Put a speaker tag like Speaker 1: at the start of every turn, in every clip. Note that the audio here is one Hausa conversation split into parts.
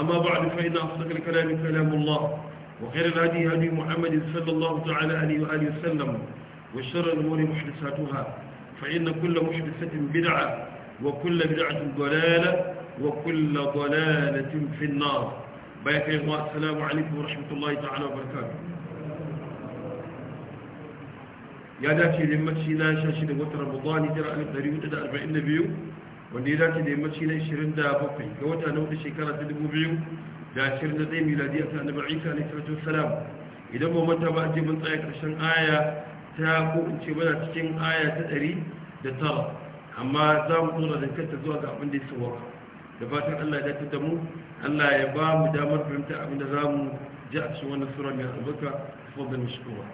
Speaker 1: أما بعد فإن أصدق الكلام كلام الله وخير الهدي هدي محمد صلى الله تعالى عليه وآله وسلم وشر الأمور محدثاتها فإن كل محدثة بدعة وكل بدعة ضلالة وكل ضلالة في النار بيك يا السلام عليكم ورحمة الله تعالى وبركاته يا داتي لمتشي لا شاشي لغوة رمضان ترى الدريوت دريوت أربعين نبيو wanda ya dace da yammaci na 27 ga wata na hudu shekara ta 2000 da shirin da 21 miladi a ta annabi isa alaihi salatu salam idan ba manta ba a je mun tsaya karshen aya ta ko in ce mana cikin aya ta da tara amma za mu tsora da kanta zuwa ga abin da ya sauwaka da fatan Allah ya dace da mu Allah ya ba mu damar fahimta abin da za mu ji a cikin wannan sura mai albarka fadlan mashkura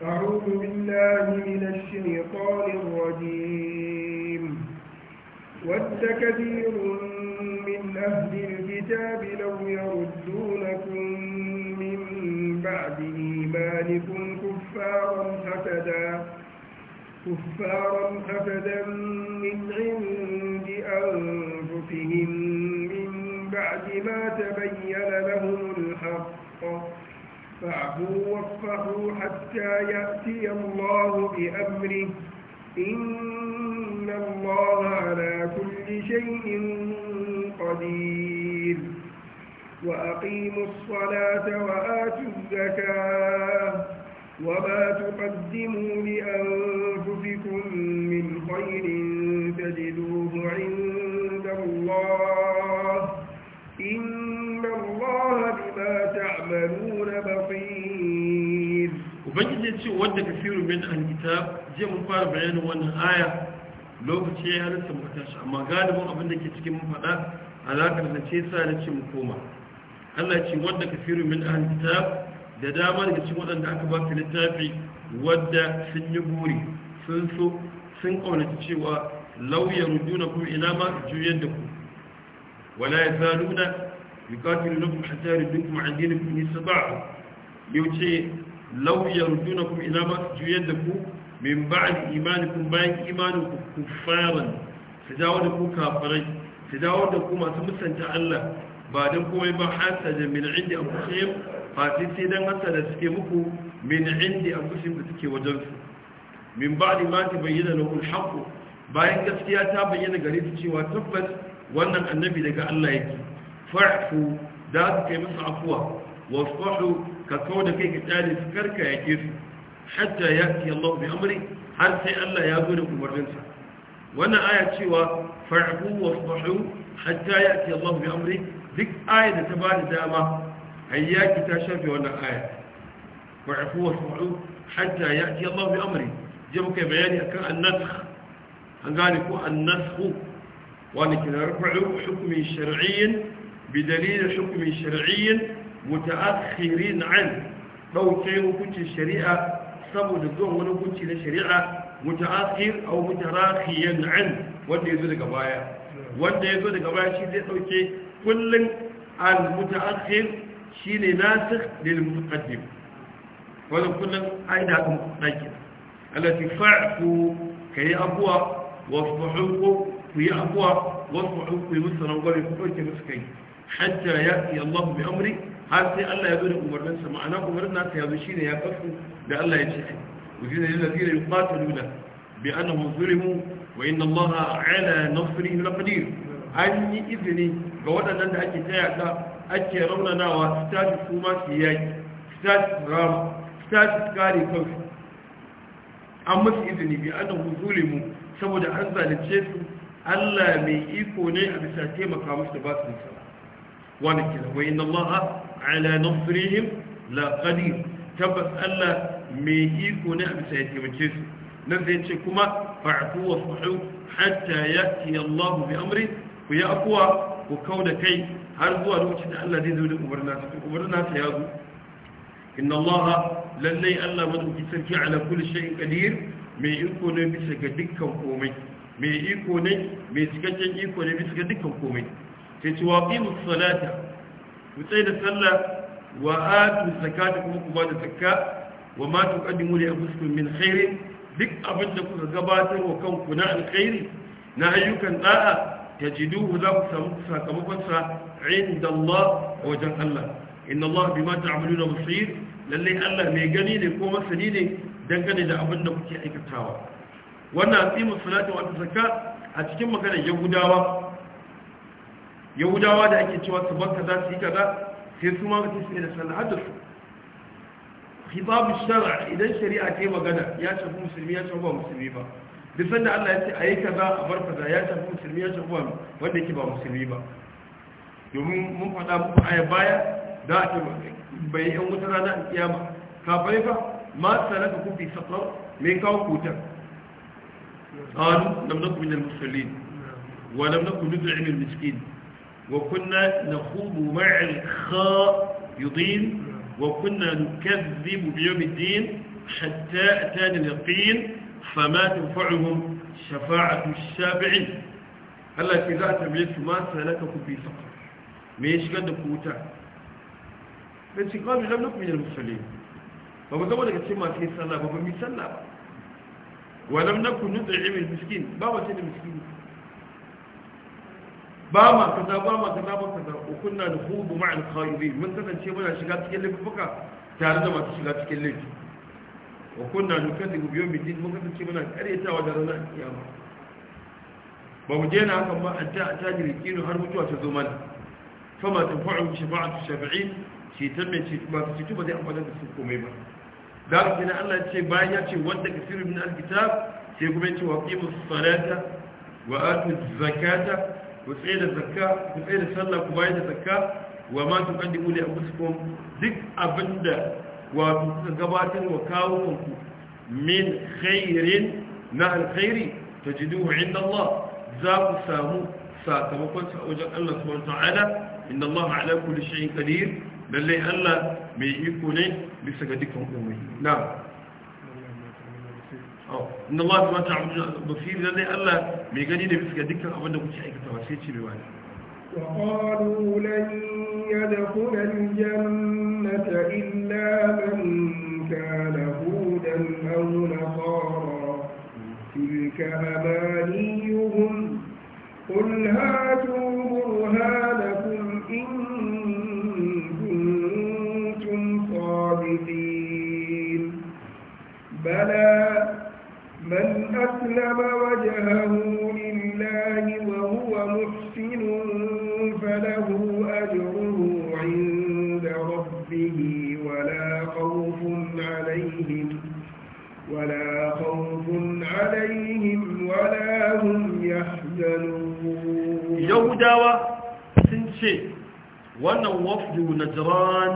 Speaker 2: أعوذ بالله من الشيطان الرجيم ود كثير من أهل الكتاب لو يردونكم من بعد إيمانكم كفارا حسدا كفارا حسدا من عند أنفسهم من بعد ما تبين لهم الحق فاعفوا واصفحوا حتى يأتي الله بأمره إن الله على كل شيء قدير وأقيموا الصلاة وآتوا الزكاة وما تقدموا لأنفسكم من خير تجدوه عند الله إن الله بما تعملون
Speaker 1: ubangiji ya ce ka kafiru min alkitab je mu fara bayanin wannan aya lokaci ya halatta mu tashi amma galibin abin da ke cikin mun faɗa alaƙar da ce sa da ce mu koma Allah ya wanda ka firu min alkitab da dama daga cikin waɗanda aka ba su littafi wadda sun yi buri sun so sun ƙaunaci cewa lauyan rujuna ku ina ma juyar da ku wala ya zaluna yukatilu lakum hatta yuridukum an dinikum nisba'a yau ce law yarjunakum ila ma juyad da ku min ba'd imanikum bayan imanin ku kuffaran su dawo da ku kafirai su dawo da ku masu musanta Allah ba dan komai ba hasada min indi anfusihim fa sai dan hasada suke muku min indi anfusihim da suke wajen su min ba'd ma tabayyana lahu al-haqq bayan gaskiya ta bayyana gare su cewa tabbas wannan annabi daga Allah yake fa'fu da su kai musu afuwa wasfahu ka kawo da kai ka tsari su karka yake su hatta ya fi Allah bi amri har sai Allah ya zo da umarninsa wannan aya cewa farhu wa sabahu hatta ya fi Allah bi amri duk aya da ta ba da dama hayyaki ta shafe wannan aya farhu wa sabahu hatta ya fi Allah bi amri je muka bayani akan annasakh an gane ko annasakh wani kina rafu hukmi shar'iyyin بدليل حكم شرعي mutaakhirin an dauke hukuncin shari'a saboda zuwan wani hukunci na shari'a mutaakhir aw mutarakhiyan an wanda yazo daga baya wanda yazo daga baya shi zai dauke kullun al mutaakhir shine nasikh lil mutaqaddim wala kullun aida kan dake allati fa'tu kai abwa wasfahu ku yi abuwa wasu ku yi musu rangwale ku ɗauke musu kai hatta ya fi Allah bi amri har sai Allah ya zo da umarninsa ma'ana umarnin nasa ya zo shine ya kafu da Allah ya ce wajina lil ladina yuqatiluna bi annahum zulimu wa inna Allah ala nasrihi laqadir an yi izini ga waɗannan da ake taya ta ake raunanawa status kuma su yaki status ram status kare kansu an musu izini bi annahum zulimu saboda an zalunce su Allah mai iko ne a bisa taimaka musu da ba su nasara wani kira wa inna Allah ala nufrihim la qadir tabbas Allah mai iko ne a bisa ya taimake su nan sai ce kuma fa'tu wa fahu hatta ya'ti Allah bi amri ku ya akuwa ku kauda kai har zuwa lokacin da Allah zai zo da umarnin nasa umarnin nasa ya zo inna Allah lallai Allah madauki sarki ala kulli shay'in qadir mai iko ne bisa ga dukkan komai mai iko ne mai cikakken iko ne bisa ga dukkan komai sai ce wa qimus salata ku da sallah wa atu zakata kuma ku bada da zakka wa ma tuqaddimu li anfusikum min khairin duk abin da kuka gabatar wa kanku na alkhairi na ayyukan da'a tajiduhu za ku samu sakamakon sa inda Allah wajen Allah inna Allah bima ta'maluna basir lalle Allah mai gani ne ko masani ne dangane da abin da kuke aikatawa wannan asimu salatu wa zakka a cikin maganar yahudawa yahudawa da ake cewa su banka za su yi kaza sai su ma mutum sai da sallah har da su khitabu shar'a idan shari'a ta magana ya shafi musulmi ya shafi ba musulmi ba duk sanda Allah ya ce a yi kaza a bar kaza ya shafi musulmi ya shafi ba wanda yake ba musulmi ba domin mun faɗa muku aya baya da a ce bai yan wuta rana a kiyama kafare fa ma sanaka ku fi sakar mai kawo kutar qalu lam nakum min al-musallin wa lam nakum nut'im al-miskin وكنا نخوض مع الخاء يضين وكنا نكذب بيوم الدين حتى أتانا اليقين فما تنفعهم شفاعة الشابعين هلا إذا أتميت ما سألككم في فقر ميش قد كوتا لم نكن من المسلمين بابا زمان لك ما في سلا بابا مي ولم نكن نطعم المسكين بابا تاني مسكين ba ma kaza ba ma kaza ba kaza ko kunna nuhudu ma al khairi mun kasance muna shiga cikin laifuka tare da masu shiga cikin laifi wa kunna nukadibu bi yawmi din mun kasance muna karyatawa da ranar kiyama ba mu je na hakan ba an ta tajiri kinu har mutuwa ta zo mana fama tanfa'u shafa'atu shafi'in shi ta mai ce ba su ci ba zai amfana da su komai ba da haka sai Allah ya ce bayan ya ce wanda kasirin min alkitab sai kuma ya ce wa qimus salata wa atuz zakata ku tsaye da zakka ku tsaye da sallah ku bayar da zakka wa ma tuqaddimu duk abinda wato kuka gabatar wa kawo ku min khairin na alkhairi tajiduhu inda Allah za ku samu sakamakon sa wajen Allah subhanahu ta'ala inna Allah ala kulli shay'in qadir lalle Allah mai iko ne bisa ga dukkan komai إن الله بما تعبدون بصير لأني ألا ميقاني نفسك ذكر أبدا شيء توسيت بواني
Speaker 2: وقالوا لن يدخل الجنة إلا من كان هودا أو نصارا تلك أمانيهم قل هاتوا برهانكم إن كنتم صادقين بلى من أسلم وجهه لله وهو محسن فله أجره عند ربه ولا خوف عليهم ولا خوف عليهم ولا هم يحزنون يهودا
Speaker 1: سنشي وانا وفد نجران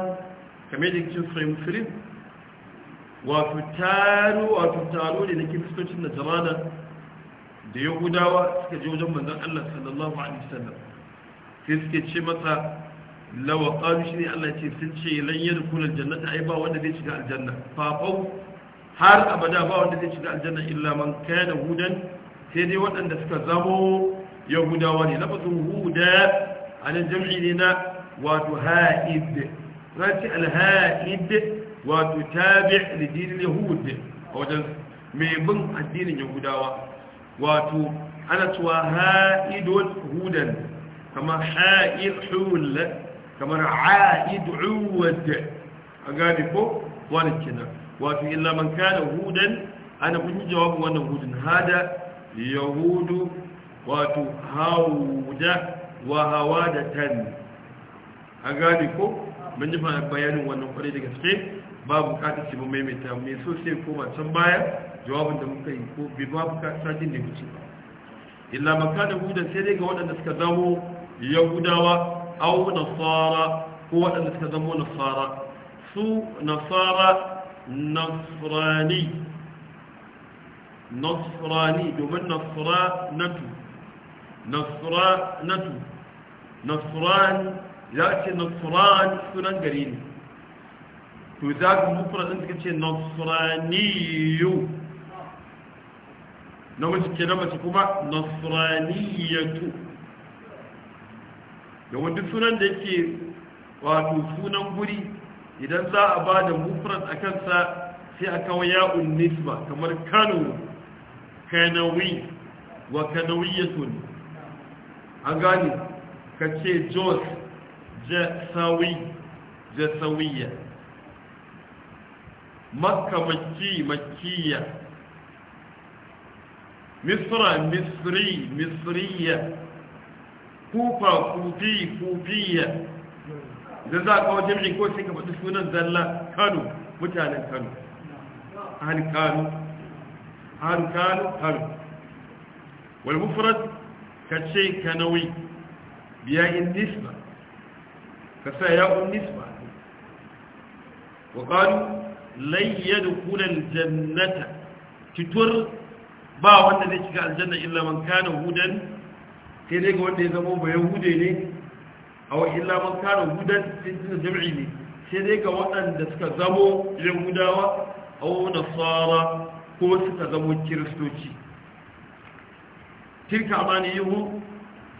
Speaker 1: كما يجب تفهم فيلم wato taru wato taro ne na kiristocin da zamana da yahudawa suka je wajen manzon Allah sallallahu alaihi wasallam sai suke ce masa lawa qalu ne Allah ce sun ce lan yadkhulul jannata ai ba wanda zai shiga aljanna fa fau har abada ba wanda zai shiga aljanna illa man kana hudan sai dai waɗanda suka zamo yahudawa ne lafazin huda a nan jam'i ne na wato ha'id za ce al-ha'id wato tabi' li dinil yahud a wajen mai bin addinin yahudawa wato ana cewa ha'idun hudan kamar ha'id hul kamar ha'id uwad a gani ko wani kenan wato illa man kana hudan ana kun jawabin wannan hudun hada yahudu wato hauda wa hawa da tan a gani ko bayanin wannan kwarai da gaske ba bukatar shi ba maimaita mai so sai koma can baya jawabin da muka yi ko bai ba bukatar jin da wuce ba illa maka da huda sai dai ga waɗanda suka zamo yahudawa au nasara ko waɗanda suka zamo nasara su nasara nasrani nasrani domin nasra natu nasra natu nasran ya ce nasran sunan gari ne to za ka mufra ɗin suka ce nasraniyu na mace ke na mace kuma nasraniyatu da wani sunan da yake wato sunan guri idan za a ba da mufra a kansa sai a kawo ya'un nisba kamar kano kanawi wa kanawiyatun an gane ka ce jos jasawi jasawiyya makka makki makkiya misra misri misriya kufa kufi kufiya Idan za a wajen jami'in ko sai ka faɗi sunan zalla kano mutanen kano ahal kano ahal kano kano wal mufrad ka ce kanawi biya in nisba ka sa ya'un nisba wa kano lan yadkhulal jannata fitur ba wanda zai shiga aljanna illa man kana hudan sai dai ga wanda ya zama ba yahude ne aw illa man kana hudan sai jami'i ne sai dai ga waɗanda suka zamo yahudawa aw nasara ko suka zamo kiristoci tilka yuhu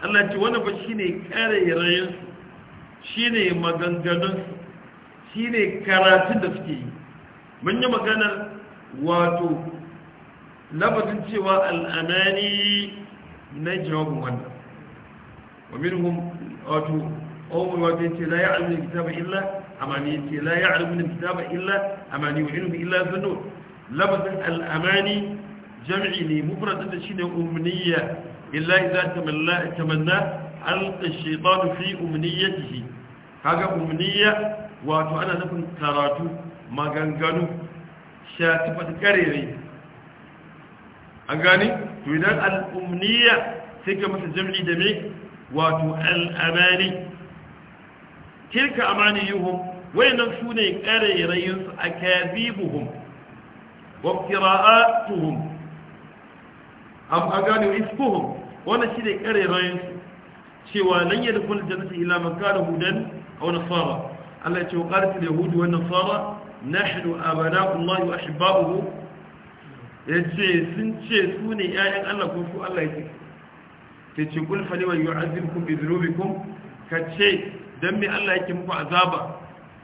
Speaker 1: Allah ce wannan ba shine kare rayin shine maganganun shine karatun da suke yi mun yi maganar wato labarin cewa al'amari na jawabin wannan wamin wato omar wato ya ce la yi alamunin kitaba illa amani ya ce la yi alamunin kitaba illa amani wa irin illa zano labarin al'amari jam'i ne mufarar da shi ne umuniyya illa iza tamanna alka shaitanu fi umuniyyar shi kaga umuniyya wato ana nufin karatu maganganu shatifat karere an gani to idan al'umniya sai ka masa jam'i da me wato al'amani tilka amani yuhum wayannan su ne karerayinsu a kazibuhum wa kira'atuhum am a gane iskuhum wannan shi ne karerayinsu cewa lan yadkhul jannata illa man kana hudan aw nasara Allah ya ce wa qalat al-yahud wa tsara. nahnu abana'ullahi wa ahibba'uhu yace sun ce su ne ƴaƴan Allah ko su Allah yake ta ce kul fa liwa yu'azzibukum bi dhunubikum ka ce dan me Allah yake muku azaba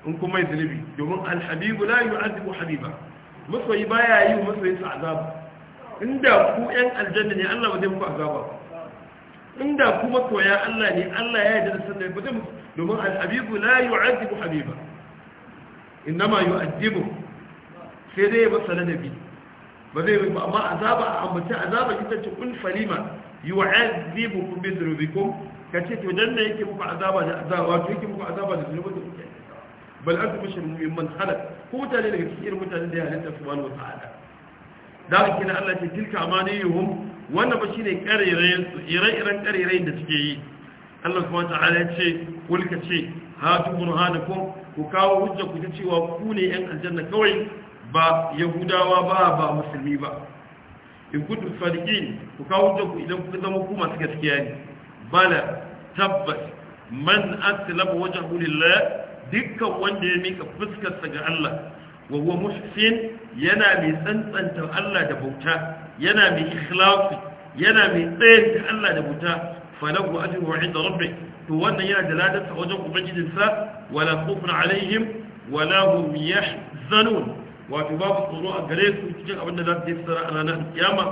Speaker 1: in kuma yi zunubi domin alhabibu la yu'azzibu habiba masoyi baya yi masoyi su azaba inda ku ƴan aljanna ne Allah ba zai muku azaba inda ku masoya Allah ne Allah ya yarda da sanin ba zai domin alhabibu la yu'azzibu habiba innama yu'addibu sai dai masa ladabi ba zai ba amma azaba a ambaci azaba ita ce kun falima yu'adhibu kum bi dhunubikum kace to dan ne yake muku azaba da azaba wato yake muku azaba da zunubin da kuke bal antum mushrikun mimman khalaq ko mutane daga cikin mutanen da ya halitta subhanahu wata'ala da haka ne Allah ce tilka amaniyuhum wannan ba shine karirayen ire-iren karirayen da suke yi Allah subhanahu wata'ala ya ce kulka ce hatu burhanakum ku kawo hujja ku ta cewa ku ne yan aljanna kawai ba yahudawa ba ba musulmi ba in kuntu sadiqin ku kawo hujja ku idan ku zama ku masu gaskiya ne bala tabbas man aslama wajhahu lillah dukkan wanda ya mika fuskarsa ga Allah wa huwa muhsin yana mai tsantsanta Allah da bauta yana mai ikhlasi yana mai tsayar da Allah da bauta falahu ajruhu inda rabbih to wannan yana da ladarsa wajen ubangijinsa wala khawfun alaihim wala hum yahzanun wato babu tsoro a gare su cikin abin da za su yi tsara a ranar kiyama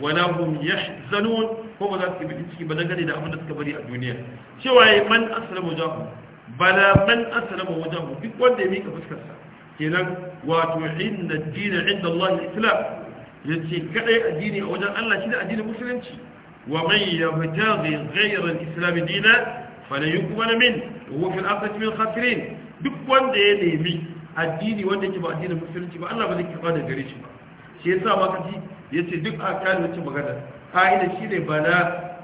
Speaker 1: wala hum yahzanun ko ba za su bi ciki ba dangane da abin da suka bari a duniya cewa yayi man aslama wajahu bala man aslama wajahu duk wanda ya mika fuskar sa kenan wato inna dina din inda Allah al-islam yace kadai addini a wajen Allah shi da addinin musulunci wa man yabtaghi ghayra al-islam dina. fala yuqbal min wa fil akhirati min khasirin duk wanda ya nemi addini wanda yake ba addinin musulunci ba Allah ba zai karba da gare shi ba shi yasa ma kaji yace duk a kalin wacce magana ka'ida shi ne bala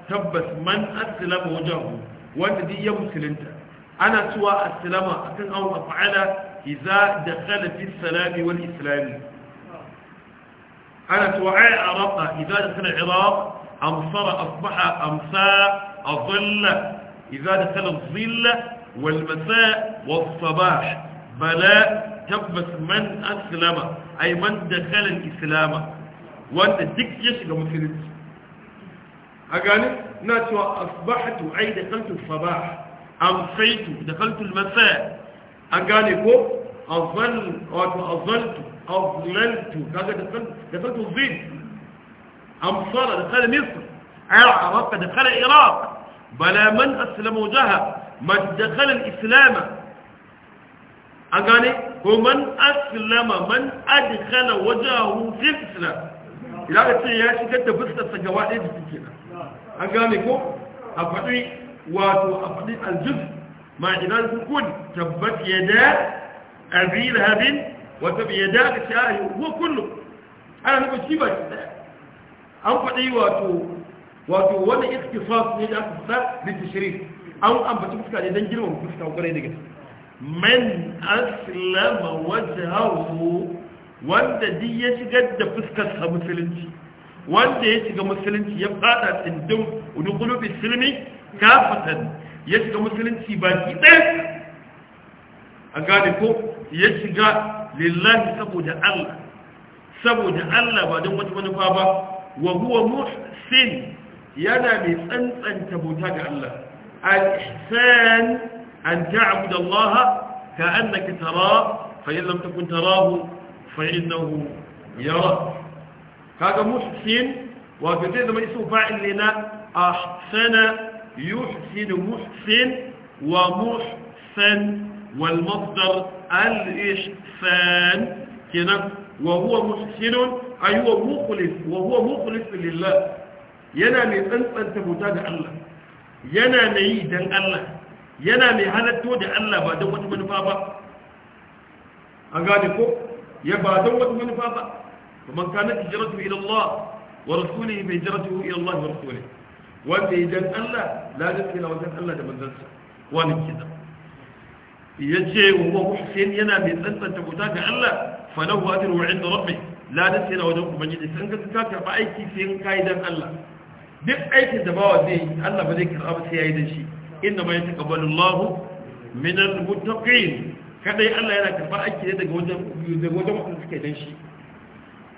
Speaker 1: tabbas man aslama wajahu wanda duk ya musulunta ana cewa aslama akan awon af'ala idza dakhala fi salami wal islami أنا توعي عرقة إذا دخل العراق أمصر أصبح أمساء أظل إذا دخل الظل والمساء والصباح بلاء تقبس من أسلم أي من دخل الإسلام وأنت تكتشف جسد مثلت أقالي ناتوا أصبحت أي دخلت الصباح أمسيت دخلت المساء أقالي هو أظل أظلت أظللت كذا دخلت دخلت الظل أمصار دخل مصر عرق دخل إراق bala man aslama wajaha madakhala al an gane ko man aslama man adkhala wajahu fi islam idan ka ya shigar da fuskar sa gaba ɗaya an gane ko a faɗi wato a faɗi aljuz ma'idan sukun tabbat yada abi lahabin wata bi yada ka ce ana nufin shi ba an faɗi wato wato wannan ikhtisas ne da aka fada da tashrif an ambaci fuska ne dan girman fuska kwarai daga gaske man aslama wajhahu wanda duk ya shigar da fuskar sa musulunci wanda ya shiga musulunci ya fada tsindin udukulu bisilmi kafatan ya shiga musulunci ba ɗaya a gane ko ya shiga lillahi saboda Allah saboda Allah ba don wata manufa ba wa huwa muhsin yana mai tsantsanta bauta ga Allah al-ihsan an ta'budu Allah ka'annaka tara fa in lam takun tarahu fa innahu yara kaga muhsin wa bi zai zama isu fa'il ne na ahsana yuhsin muhsin wa muhsan wal masdar al-ihsan kenan wa huwa muhsin ay huwa mukhlis wa huwa mukhlis lillah yana mai tsantsanta bauta ga Allah yana mai yi dan Allah yana mai halatto da Allah ba don wata manufa ba an gane ko ya ba don wata manufa ba kuma kana hijratu ila Allah wa rasulihi bi hijratu ila Allah wa rasulihi wanda idan Allah la yasila wajen Allah da manzansa wani Ya ce wa muhsin yana mai tsantsanta bauta ga Allah fa lahu ajru 'inda rabbih la yasila wajen ubangiji san ka ka ba aiki sai in kai dan Allah duk aikin da bawa zai yi Allah ba zai karɓa sai yayi da shi inna ma yataqabbalu Allahu minal muttaqin kadai Allah yana karɓa aiki ne daga wajen daga wajen wanda suke dan shi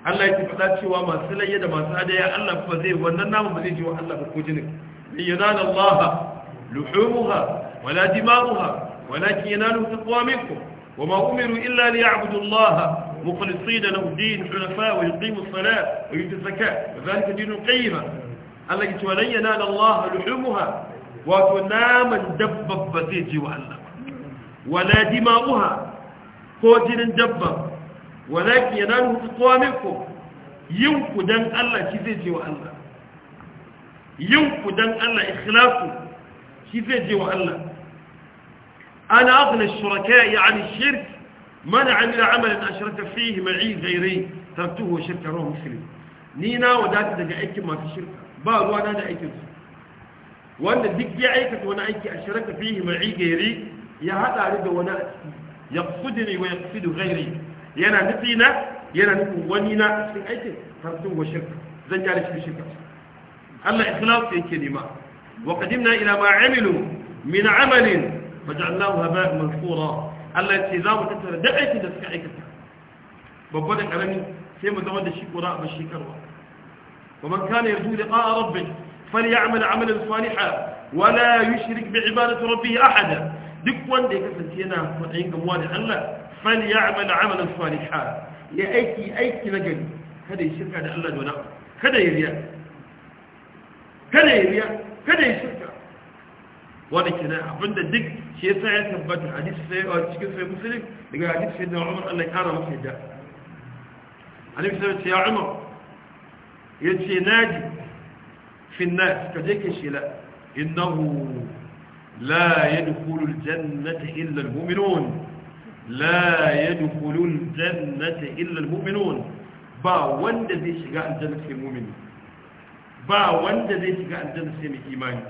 Speaker 1: Allah ya faɗa cewa masu layya da masu hadaya Allah ba zai wannan namu ba zai ji wa Allah ba ko jinin bi yanala Allah luhumuha wala dimaguha walakin yanalu taqwa minkum وما أمروا إلا ليعبدوا الله مخلصين له الدين حنفاء ويقيموا الصلاة ويؤتوا الزكاة وذلك دين قيمة Allah ke cewa lan yanala Allah luhumuha wato naman dabbar ba zai je wa Allah wala dima'uha ko jinin dabba walakin yanalu taqwamikum yin ku dan Allah shi zai je wa Allah yin ku dan Allah ikhlasu shi zai je wa Allah ana aghna ash-shuraka'i 'an ash-shirk man 'amila 'amalan ashraka fihi ma'i ghayri tartuhu shirka rawu muslim ni na wadata daga aikin masu shirka ba ruwa na da aikin su wanda duk ya aikata wani aiki a shirka fihi mai gairi ya hada ni da wani ya kusudini wa ya kusudu gairi yana nufi na yana nufin wani na cikin aikin tartun wa shirka zan jari cikin shirka Allah ikhlas yake nema wa qadimna ila ma amilu min amalin faj'alnahu haba'an mansura Allah ya ce za mu tattara da aikin da suka aikata babba da karami sai mu zama da shi kura ba shi karwa. ومن كان يرجو لقاء ربه فليعمل عملا صالحا ولا يشرك بعبادة ربه أحدا دك وان دي كسل تينا فتعين قموان الله فليعمل عملا صالحا لأيكي أيكي نجل كده يشرك على الله دونه كده يريا كده يريا كده يشرك وانا كنا عبند دك شيء سعي ثبت الحديث في وشكل في مسلم لقى الحديث سيدنا عمر الله كان مسجد عليه السلام يا عمر ya ce naji finnas ka je ka shela innahu la ya dukulul jannata illal muminun la ya dukulul jannata illal ba wanda zai shiga aljanna sai mumini ba wanda zai shiga aljanna sai mai imani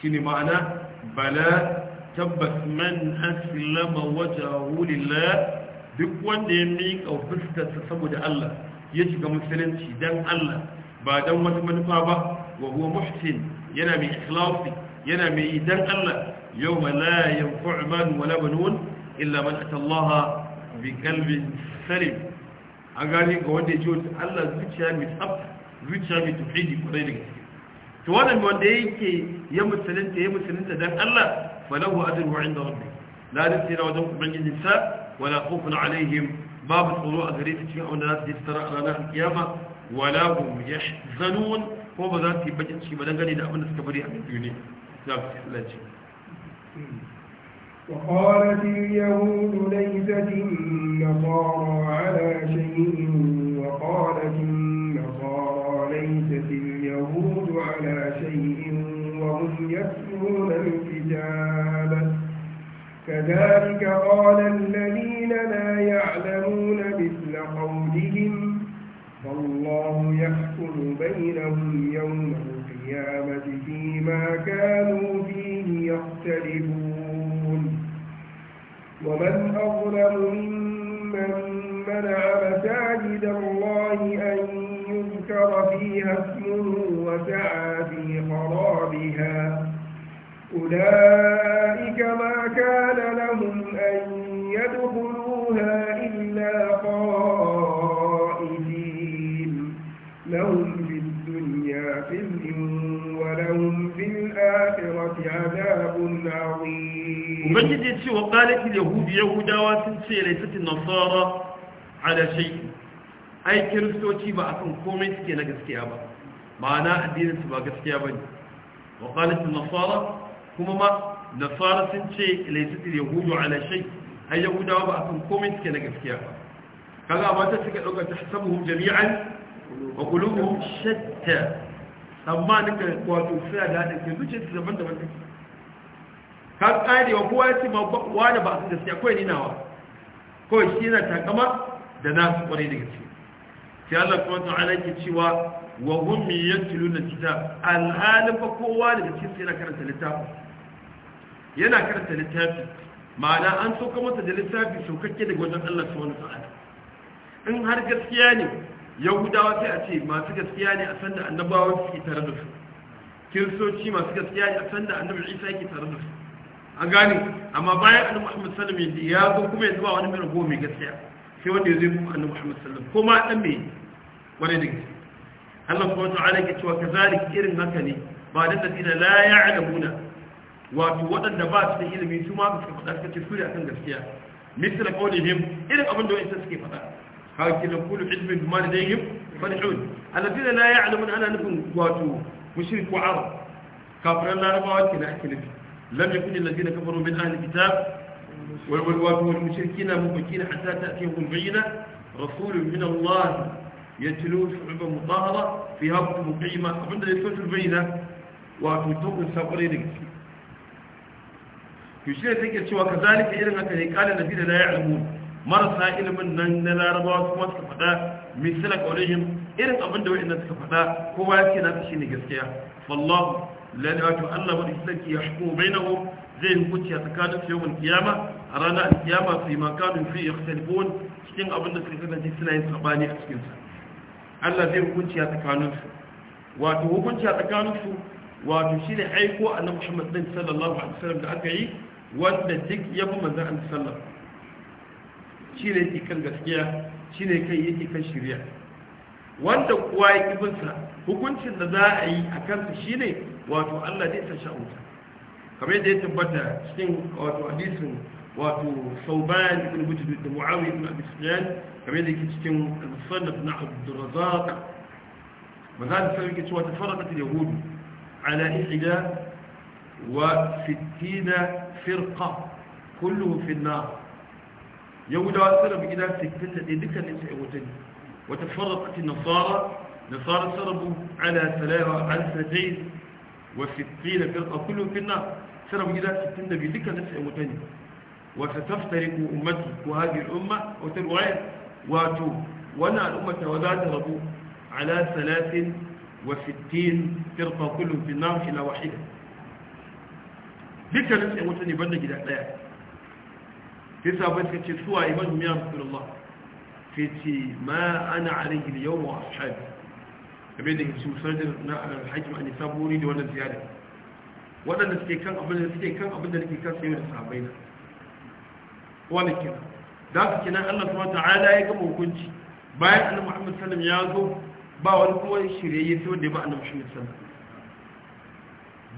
Speaker 1: shine ma'ana bala tabbas man aslama wajahu lillah duk wanda ya miƙa fuskarsa saboda Allah ya shiga musulunci dan Allah ba dan wata manufa ba wa huwa muhsin yana mai ikhlasi yana mai dan Allah yawma la yanfa'u man wala banun illa man atallaha bi qalbin salim an gane ga wanda ya ji wata Allah zuciya mai tsaf zuciya mai tauhidi kwarai da gaske to wannan wanda yake ya musulunta ya musulunta dan Allah falahu ajruhu inda rabbih la nasira wajen ubangijinsa wala khawfun alaihim babu tsoro a gare su cikin abin da za su je su tara a ranar kiyama wala hum yahzanun ko ba za su yi bakin ciki ba dangane da abin da suka bari a za su lalace
Speaker 2: وقالت اليهود ليست النصارى على شيء وقالت النصارى ليست اليهود على شيء وهم يكتبون الكتاب كذلك قال الذين لا يعلمون مثل قولهم فالله يحكم بينهم يوم القيامة فيما كانوا فيه يختلفون ومن أظلم ممن منع مساجد الله أن يذكر فيها اسمه وسعى في خرابها أولئك ما كان لهم أن يدخلوها إلا عظيم ubangiji
Speaker 1: ce wa qalat yahudi yahudawa sun ce laysat nasara ala shay ai kiristoci ba kan komai suke na gaskiya ba ma'ana addinin ba gaskiya bane wa qalat nasara kuma ma nasara sun ce laysat yahudu ala shay ai yahudawa ba akan komai suke na gaskiya ba kaga ba ta suka dauka tahsabuhum jami'an wa qulubuhum shatta amma nika wato sai da hadin kai zuciyarsu daban-daban take ka karewa kowa ya ce ma da ba su da siya kawai ninawa kawai shi yana takama da na kwarai daga ciki. sai Allah kuma ta ala ke cewa wa hummi yatluna kitab alhalin ba kowa daga ciki sai yana karanta littafi yana karanta littafi ma'ana an sauka masa da littafi saukakke daga wajen Allah subhanahu wa ta'ala in har gaskiya ne yahudawa sai a ce masu gaskiya ne a sanda annabawa suke tare da su kiristoci masu gaskiya ne a sanda annabi isa yake tare da su an gane amma bayan annabi Muhammad sallallahu alaihi wasallam ya zo kuma yanzu ba wani mai rago mai gaskiya sai wanda ya zo kuma annabi Muhammad sallallahu alaihi wasallam kuma dan me wani da gaske Allah subhanahu wa ta'ala ke kazalik irin haka ne ba da tafina la ya'lamuna wato waɗanda ba su da ilimi su ma ba su faɗa suka ce su akan gaskiya misra qawlihim irin abin da wa'ansu suke faɗa haka kila kullu ilmin bima ladayhim farihun alladhina la ya'lamuna ana nufin wato mushrik mushriku arab kafiran larabawa kenan ake nufi lam yakun alladhina kafaru min ahli kitab wal wal wal mushrikina mubakina hatta ta'tiyahum bayyina rasulun min Allah yatlu shu'uban mutahhara fiha kutubun qima abinda ya fito bayyina wa tutubun sabri da gaske to shi ne take cewa kazalika irin haka ne kana nabi da la marasa ilimin nan na larabawa kuma irin abin da wa'annan suka faɗa kowa ya ce na shi ne gaskiya wallahu lani wato Allah ba da ya hukumu bainahum zai hukunci a tsakanin su yawan kiyama a ranar Al-Kiyama su yi makalun fi ikhtalifun cikin abin da suka kasance suna yin sabani a cikin sa Allah zai hukunci a tsakanin su wato hukunci a tsakanin su wato shine aiko annabi Muhammad din sallallahu alaihi wasallam da aka yi wanda duk ya bi manzon Allah sallallahu shine yake kan gaskiya Shi ne kai yake kan shari'a wanda kuwa ya sa hukuncin da za a yi a kansa ne. wato Allah zai tashi wuta kamar yadda ya tabbata cikin wato hadisin wato Sauban ibn Bujd da Muawiya ibn Abi Sufyan kamar yadda yake cikin al-Musannaf na Abd al-Razzaq maza sai yake cewa tafarraqat al-yahud ala ihda wa 61 firqa kulluhu fi an-nar yahudawa sun rabu gida 61 dukkanin su wuta ne an-nasara نصارى سربوا على ثلاثة على سنتين wa 60 firqa kullu fi an-nar sarab gida 62 dukkan su ai mutane wa sataftariqu ummati ko hadhihi al-umma wato wannan al'umma ta ta rabu ala 63 firqa kullu fi an-nar gida daya sai sabai ce suwa iman miya rasulullah sai ce ma ana alaihi kamar da su sardin na alhakim a nisaburi da wannan ziyarar waɗanda suke kan abin da suke kan abin da nake kan sayo da sahabbai na wani kira da su kenan Allah subhanahu ta'ala ya gama hukunci bayan annabi Muhammad sallallahu ya zo ba wani kuma shirye sai wanda ba annabi Muhammad sallallahu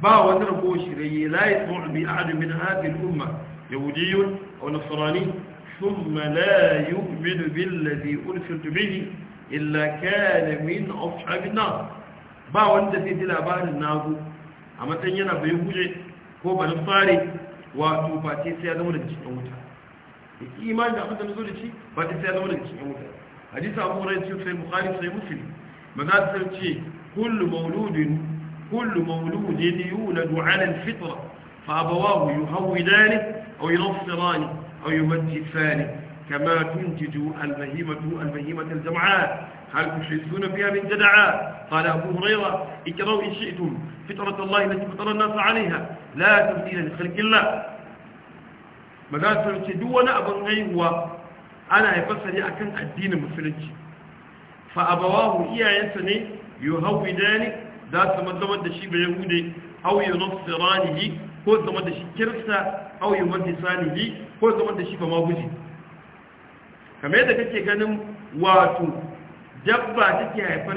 Speaker 1: ba wani rago shirye la yasmu bi a ahad min hadhihi al-umma yahudiyyun aw nasrani thumma la yu'minu billadhi ursiltu bihi إلا كان من أصحاب النار با وانت في دي لابان الناغو أما تنين أبي يوجد هو بنصاري وتوفاتي سيادة ولدك يموتا إيمان دعوت النزول لكي باتي سيادة ولدك يموتا حديث أبو رأي تيوك سيد مخالف سيد مسلم مدات سيوكي كل مولود كل مولود يولد على الفطرة فأبواه يهوداني أو ينصراني أو يمتفاني كما تنتج البهيمة البهيمة الجمعاء هل تحسون فيها من جدعاء قال أبو هريرة اكروا إن شئتم فطرة الله التي فطر الناس عليها لا تبديل لخلق الله ماذا تنجدون وأنا أبن غيوة أنا أكن الدين مفلج فأبواه إيا ينسني يهودان ذات تمد الشيب يهودي أو ينصرانه ko zama da أو kirista au yi wani sanihi kamar yadda kake ganin wato dabba take haifar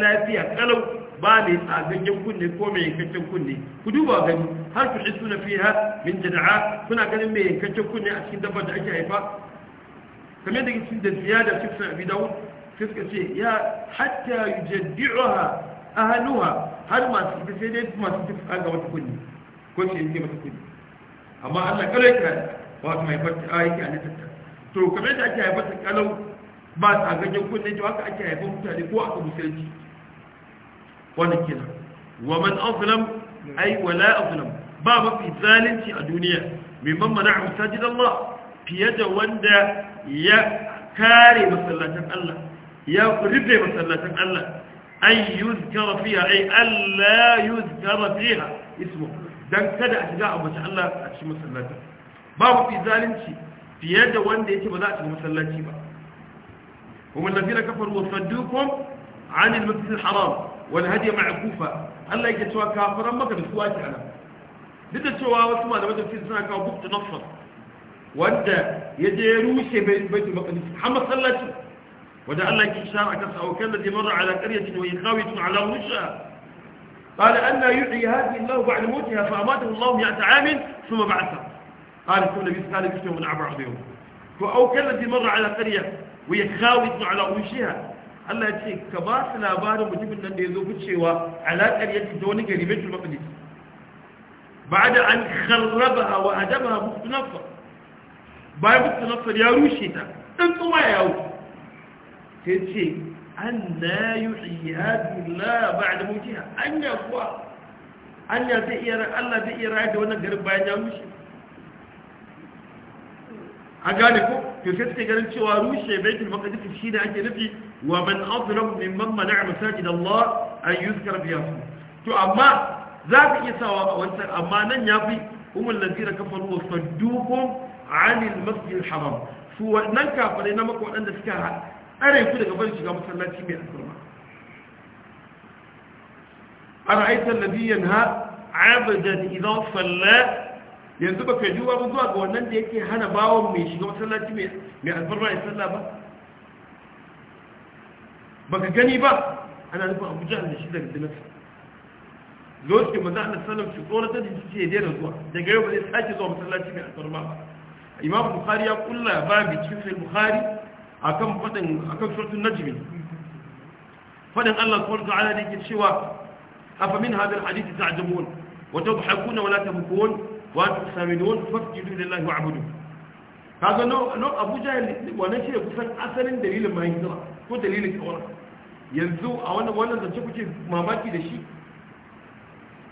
Speaker 1: lafiya kalau ba mai tsagaggen kunne ko mai yankaccen kunne ku duba gani har ku isu na har min jada'a kuna ganin mai yankaccen kunne a cikin dabbar da ake haifa kamar da cikin da da cikin abi da fiska ce ya hatta a hannuwa har masu ita sai dai masu ita ga wata kunne ko ce yake mata kunne amma Allah kare ka wato mai farta ayyuka ne ta to kamar da ake haifar da kalau ba tsagagen kunne to haka ake haifar mutane ko aka musulunci Wani kenan wa man azlam ay wala azlam ba fi zalunci a duniya mimman a masajid Allah fiye da wanda ya kare masallatan Allah ya rufe masallatan Allah an yi yuzkara fiha ay yi yuzkara fiya ismu dan kada a shiga a mace Allah a cikin masallatan ba fi zalunci fiye da wanda yake ba za a tafi masallaci ba kuma lafiyar kafar wa saddukun anil masjidil haram wal hadiya ma'kufa Allah yake cewa kafiran maka da suwa ke anan duk da cewa wasu malamai da fiye suna kawo bukta nasar wanda ya je ya rushe baitul maqdis har masallaci wanda Allah yake ishara akan sa wakan ladhi marra ala qaryatin wa yakhawitun ala rusha قال أن يحيي هذه الله بعد موتها فأماته الله مئة عام ثم بعثه قال كل بيت قال بيت من عبر عضيهم فأو كالذي مر على قرية ويخاوض على أوشها الله يتحي كباس لا بارو مجيب أن يذوب الشيوى على قرية دوني قريبة المقدس بعد أن خربها وأدمها متنفر باي متنفر يا روشيتا انتوا يا يوم تتحي أن يحيي هذه الله بعد موتها أن يقوى أن يتحي الله بإرادة وأن يقرب بأن يوم الشيوى a gane ko to sai suke ganin cewa rushe baitul maqdis shi da ake nufi wa man azlam mimman mana'a masajid Allah an yuzkar bi to amma za ka iya sawa a wancan amma nan yafi humul ladina kafaru wa sadduhum anil masjidil haram su wannan kafirai na maka da suka tsare ku daga barin shiga masallaci mai alfarma أرأيت الذي ha abada إذا صلى yanzu ba kai duba zuwa ga wannan da yake hana bawon mai shiga masallaci mai alfarma ya sallah ba ba ka gani ba ana nufin abuja da shi daga dinasa lokacin maza ana sallam shi tsoratar da shi ya daina zuwa daga yau ba zai sake zuwa masallaci mai alfarma ba imam bukhari ya kulla ba bi cikin sai bukhari akan fadin akan surtun najmi fadin Allah subhanahu wa ta'ala da yake cewa afa min hadha alhadith ta'jabun wa tadhakuna wa la wa tusaminun fasjudu lillahi abudu kaga no no Abu Jahl wannan shi kusan asalin dalilin mai hijira ko dalilin kawara yanzu a wannan wannan zance kuke mamaki da shi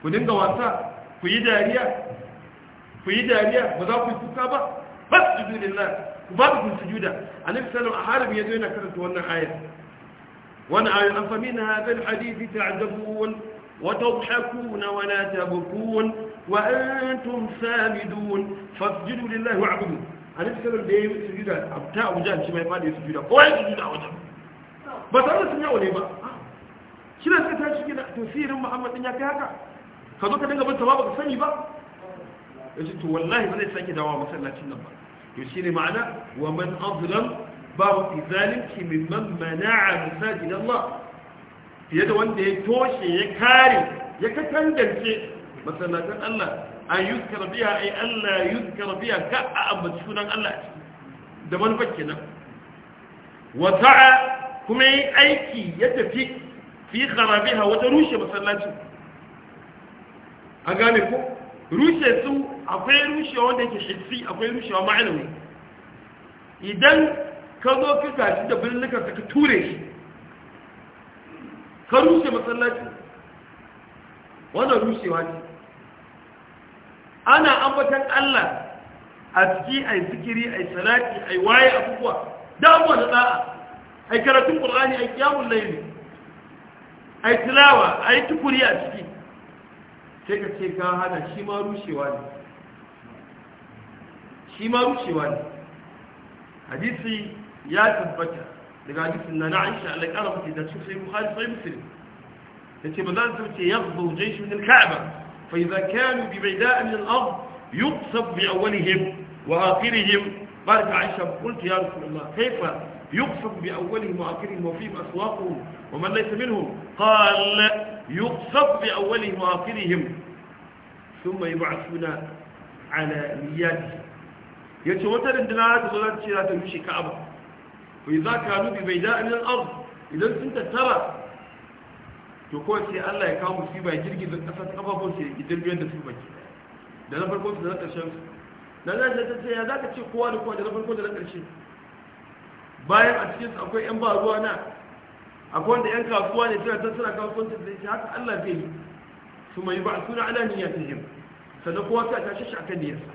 Speaker 1: ku dinga wasa ku yi dariya ku yi dariya ba za ku yi kuka ba fasjudu lillahi ku ba su sujuda annabi a nan wasallam a harabin yazo yana karanta wannan ayat wannan ayat an famina hadha alhadith ta'jabun وتضحكون ولا تبكون وأنتم سامدون فاسجدوا لله واعبدوا أنا أتكلم ليه سجدة أبتاع وجان شما يفعل يسجدة قوي سجدة وجان بس أنا سمع وليما شنا سكتها شكدا تسير محمد إن يكاكا كذوك دنجا بنت بابك سمي بقى يجب والله ما ليس سجدة ومسألة النبا يشير معنا ومن أظلم باب في ذلك ممن منع مساجد الله في يد وانده توشي يكاري يكتندل شيء masallatan Allah an yuzkar biya ai Allah yuzkar biya ka a ambaci sunan Allah da manufar kenan wa kuma yi aiki ya tafi fi kharabiha wata rushe masallacin a gane ko rushe su akwai rushewa wanda yake hissi akwai rushewa ma'anawi idan ka zo ka shi da birnikan ka ture shi ka rushe masallaci wannan rushewa ce ana ambatan Allah a ciki a yi zikiri a yi salati a yi waye abubuwa da a da da'a ai karatun yi ai qiyamul a yi tilawa a yi tukuri a ciki sai ka ce ka hana shi ma rushewa ne shi ma rushewa ne hadisi ya tabbata daga hadisin na na aisha Allah kara mutu da cikin sai bukhari sai muslim yace ba za su ce yaghdu jaysh min al Ka'aba. فإذا كانوا ببعداء من الأرض يقصف بأولهم وآخرهم قالت عائشة قلت يا رسول الله كيف يقصف بأولهم وآخرهم وفيهم أسواقهم ومن ليس منهم قال يقصف بأولهم وآخرهم ثم يبعثون على نياتهم yace wata rindina ta zo كعبة وإذا كانوا za من الأرض إذا كنت ترى to kawai sai Allah ya kawo musiba ya girgiza kasa ta kafafun sai ya tarbiyyar da su baki da na farko da na karshen su da za ta ce ya za ce kowa da kowa da na farko da na karshe bayan a cikin su akwai yan ba ruwa na akwai wanda yan kasuwa ne suna ta suna kawo kwanta da shi haka Allah zai yi su mai ba suna ala niyya ta him sannan kowa ta tashi shi akan niyyarsa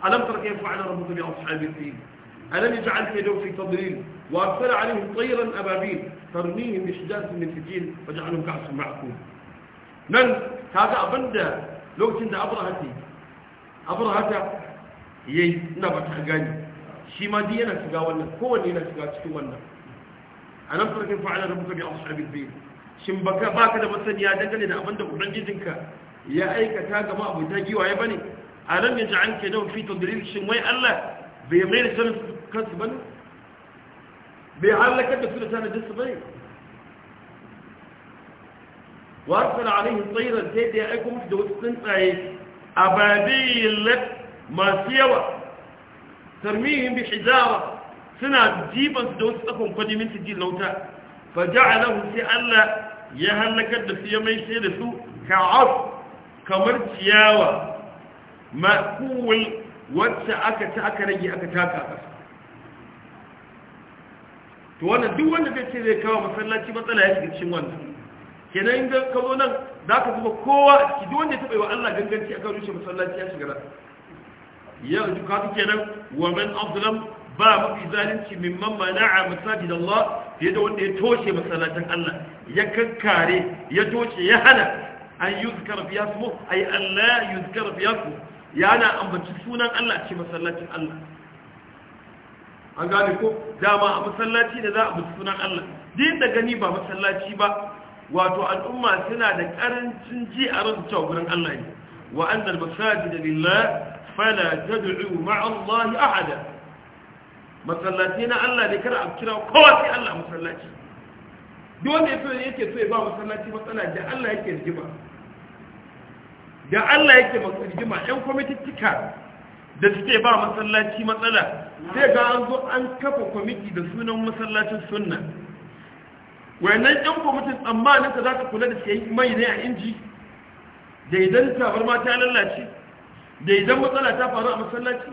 Speaker 1: alam tarka yafa ala rabbuka bi ashabil fil alam yaj'al kaydahum fi tadlil وأرسل عليهم طيرا أبابيل ترميهم بشجاز من سجيل وجعلهم كعصف معكم نن هذا أبدا لو كنت أبرهتي أبرهتا يي نبت أغاني shi ma duk shiga wannan kowanne yana shiga cikin wannan a nan farkin fa'ala rabuka bi ashabil bayt shin baka da masaniya dangane da abinda ubangijinka ya aikata ga ma'abuta giwaye bane a nan ya ja'an ke da fi tadril shin wai Allah bai mai kansu bai halakar da su da tanadin su bai warsala alaihi tsairan sai yadda ya aiko musu da wasu tsuntsaye ababillat masu yawa tarmihim bi hijara suna jifan da wasu tsakon kwaji min sijil lauta fa ja'alahu sai Allah ya halakar da su ya mai sai da su ka'af kamar ciyawa ma'kul wacce aka ci aka rage aka taka ƙasa to wannan duk wanda zai ce zai kawo masallaci matsala ya shiga cikin wannan kenan in ka kazo nan za ka zuba kowa a ciki duk wanda ya taɓa yi wa Allah ganganci akan rushe masallaci ya shiga ya ka kenan wa man azlam ba mafi zalunci man mana'a masajid Allah fiye da wanda ya toshe masallacin Allah ya kankare ya toshe ya hana an yuzkar biya su ai Allah yuzkar biya su yana ambaci sunan Allah a cikin masallacin Allah an gane ko dama a masallaci da za a mutu sunan Allah din da gani ba masallaci ba wato al'umma suna da karancin ji a ran cewa gurin Allah ne wa annal masajid lillah fala tad'u ma'a Allah ahada masallaci na Allah ne kada a kira kowa sai Allah masallaci duk wanda ya so yake so ya ba masallaci matsala da Allah yake rigima da Allah yake rigima ƴan kwamitin tika da suke ba masallaci matsala sai ga an zo an kafa kwamiti da sunan masallacin sunna Wannan yan kwamitin amma ka za ka kula da sai mai ne a inji da idan tabar ma ta lalace da idan matsala ta faru a masallaci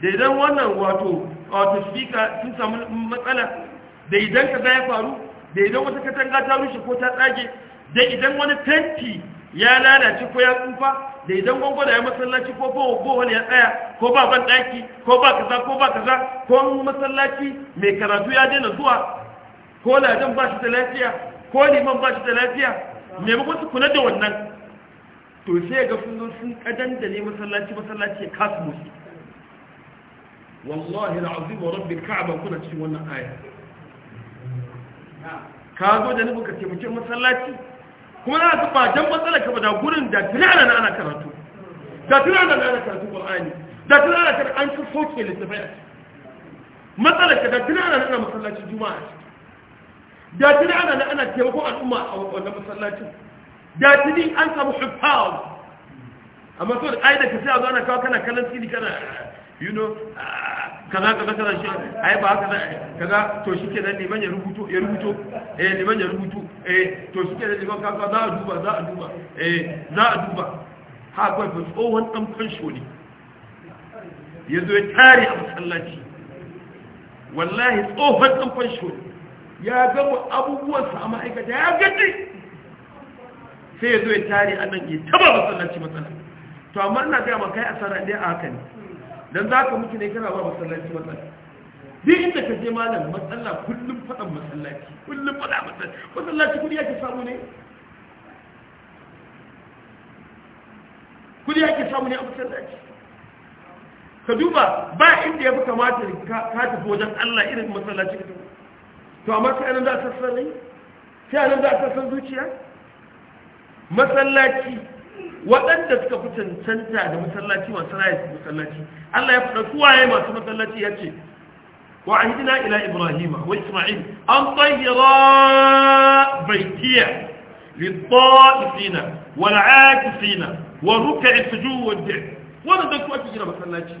Speaker 1: da idan wannan wato wato speaker sun samu matsala da idan kaza ya faru da idan wata katanga ta rushe ko ta tsage da idan wani tanti ya lalace ko ya tsufa da idan da ya masallaci ko ba bohol ya tsaya ko ba ban daki ko ba kaza ko ba kaza ko masallaci mai karatu ya daina zuwa ko ladan ba shi da lafiya ko liman ba shi da lafiya maimakon su kula da wannan to sai ga sun sun kadan da ne masallaci masallaci ya kasu musu wallahi al'azim wa rabbil ka'aba kuna cikin wannan aya ka zo da nufin ka taimake masallaci kuma za su ba jan matsala ka ba da gurin da tunana na ana karatu da tunana na ana karatu Qur'ani da tunana ka an ci soke littafai Matsala ka da tunana na ana masallacin juma'a da tunana na ana taimakon al'umma a wannan masallacin da tuni an samu hifaz amma so da ai ka sai a zo ana kawo kana kallon tsini kana you know kaza kaza kaza shi ai ba haka kaza to shike da liman ya rubuto ya rubuto eh liman ya rubuto eh to shike da liman kaza za a duba za a duba eh za a duba ha kai fa tsohon dan fansho ne yazo ya tare a masallaci wallahi tsohon dan fansho ya gama abubuwan sa a ma'aikata ya gaji sai yazo ya tare a nan ya taba masallaci masallaci to amma ina ga maka kai asara dai a haka ne dan za ka mutu ne kana ba masallaci matsala duk inda ka je malam matsala kullum faɗan masallaci kullum faɗa masallaci masallaci kuɗi ake samu ne kudi yake samu ne a masallaci ka duba ba inda ya fi kamata ka tafi wajen Allah irin masallaci ka to amma sai anan da a sassan ne sai anan da a sassan zuciya masallaci waɗanda suka fi cancanta da masallaci masu raya masallaci Allah ya faɗa kuwaye masu masallaci ya ce wa ahidina ila ibrahim wa isma'il an tayyara baitiya للطائفين والعاكفين وركع wani والدع وانا ake تجرى masallaci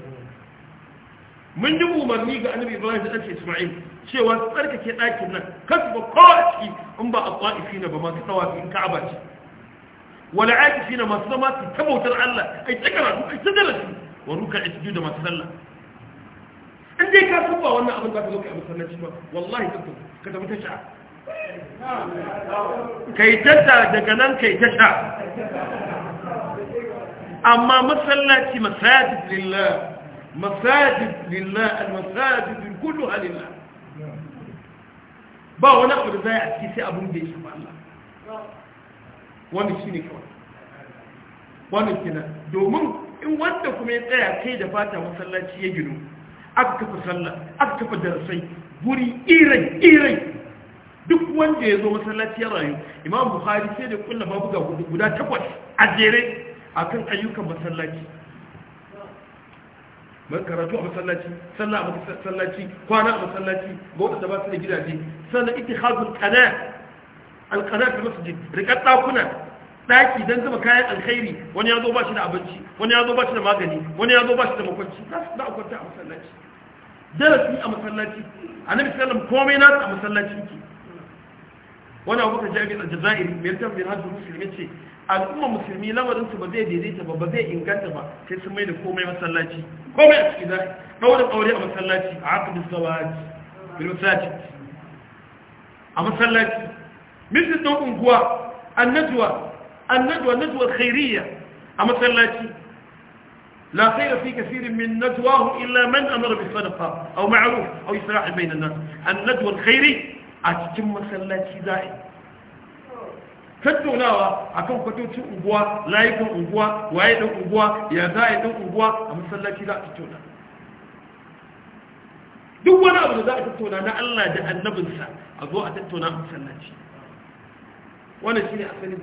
Speaker 1: mun yi umarni ga annabi ibrahim da ɗansa isma'il cewa tsarkake ɗakin nan kasu ba kowace in ba a ƙwa'ifi na ba masu tawafi ka'aba ce ولا عاكفين ما سلمات كموت الله اي تكرروا اي سدلت وركع السجود ما تسلى ان دي كسبوا وانا ابن باكي لوكي ابن سلمات والله تكتب كتب تشعى
Speaker 3: كي تسعى دكنان كي تسعى اما
Speaker 1: مسلات مساجد لله مساجد لله المساجد كلها لله باو نقول زي عسكي سي ابن دي شبه الله wani shi ne kawai wani kina domin in wanda kuma ya tsaya kai da fata masallaci ya gino aka kafa sallah aka kafa darasai guri irai irai duk wanda ya zo masallaci ya rayu imam buhari sai da kulla ga guda takwas a jere a kan ayyukan masallaci mai karatu a masallaci sallah a masallaci kwana a masallaci ga wadanda ba su da gidaje sannan ita hazin kanar alkanar fi masjid rikar ɗakuna ɗaki don zama kayan alkhairi wani ya zo ba shi da abinci wani ya zo ba shi da magani wani ya zo ba shi da makwanci za a kwanta a masallaci darasi a masallaci a annabi sallam komai nasu a masallaci ke wani abu ka jami'in aljazairi mai tabbin hajji musulmi ce al'umma musulmi lamarin su ba zai daidaita ba ba zai inganta ba sai sun mai da komai masallaci komai a ciki zai ɗaurin aure a masallaci a haka da sawaji bilu a masallaci minti ɗin unguwa annajuwa annajuwa najuwar khairiyya a masallaci لا خير في كثير من نجواه إلا من أمر بالصدقة أو معروف أو يصلاح بين الناس النجوى الخيري أتتم مسلاتي دائم tattaunawa a kan kwatocin unguwa layukan unguwa waye ɗan unguwa ya za a yi ɗan unguwa a masallaci za a tattauna duk wani abu da za a tattauna na Allah da annabinsa a zo a tattauna a masallaci wannan shine asalin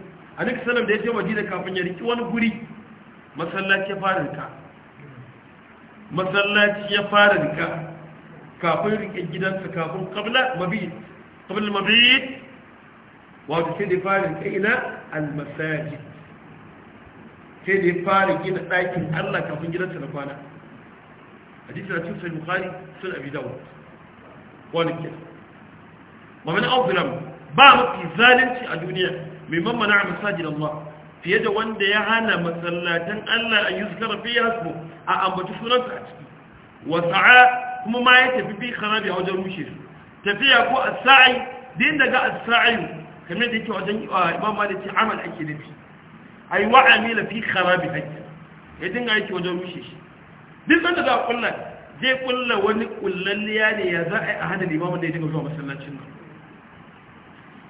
Speaker 1: duk sallam da ya je madina kafin ya riki wani guri masallaci ya fara rika masallaci ya fara rika kafin rike gidansa kafin kabla mabit kabla mabit wato sai da fara rika ina al sai da ya fara gina ɗakin Allah kafin gidansa na kwana jikin na cikin sai bukhari sun abi dawo wani kenan wa min azlam ba mafi zalunci a duniya mai mammana a masajin Allah fiye da wanda ya hana masallatan Allah a yi zukara fiye hasbo a ambaci sunansa a ciki wasa'a kuma ma ya tafi fi kharabi a wajen rushe su tafiya ko a sa'ai din daga a sa'ayu kamar da yake wajen ah, imam malik ce amal ake da nufi ai wa amila fi kharabi hakki ya dinga yake wajen rushe shi duk sanda za a kulla zai kulla wani kullalliya ne ya za a yi a hada limamin da ya dinga zuwa masallacin nan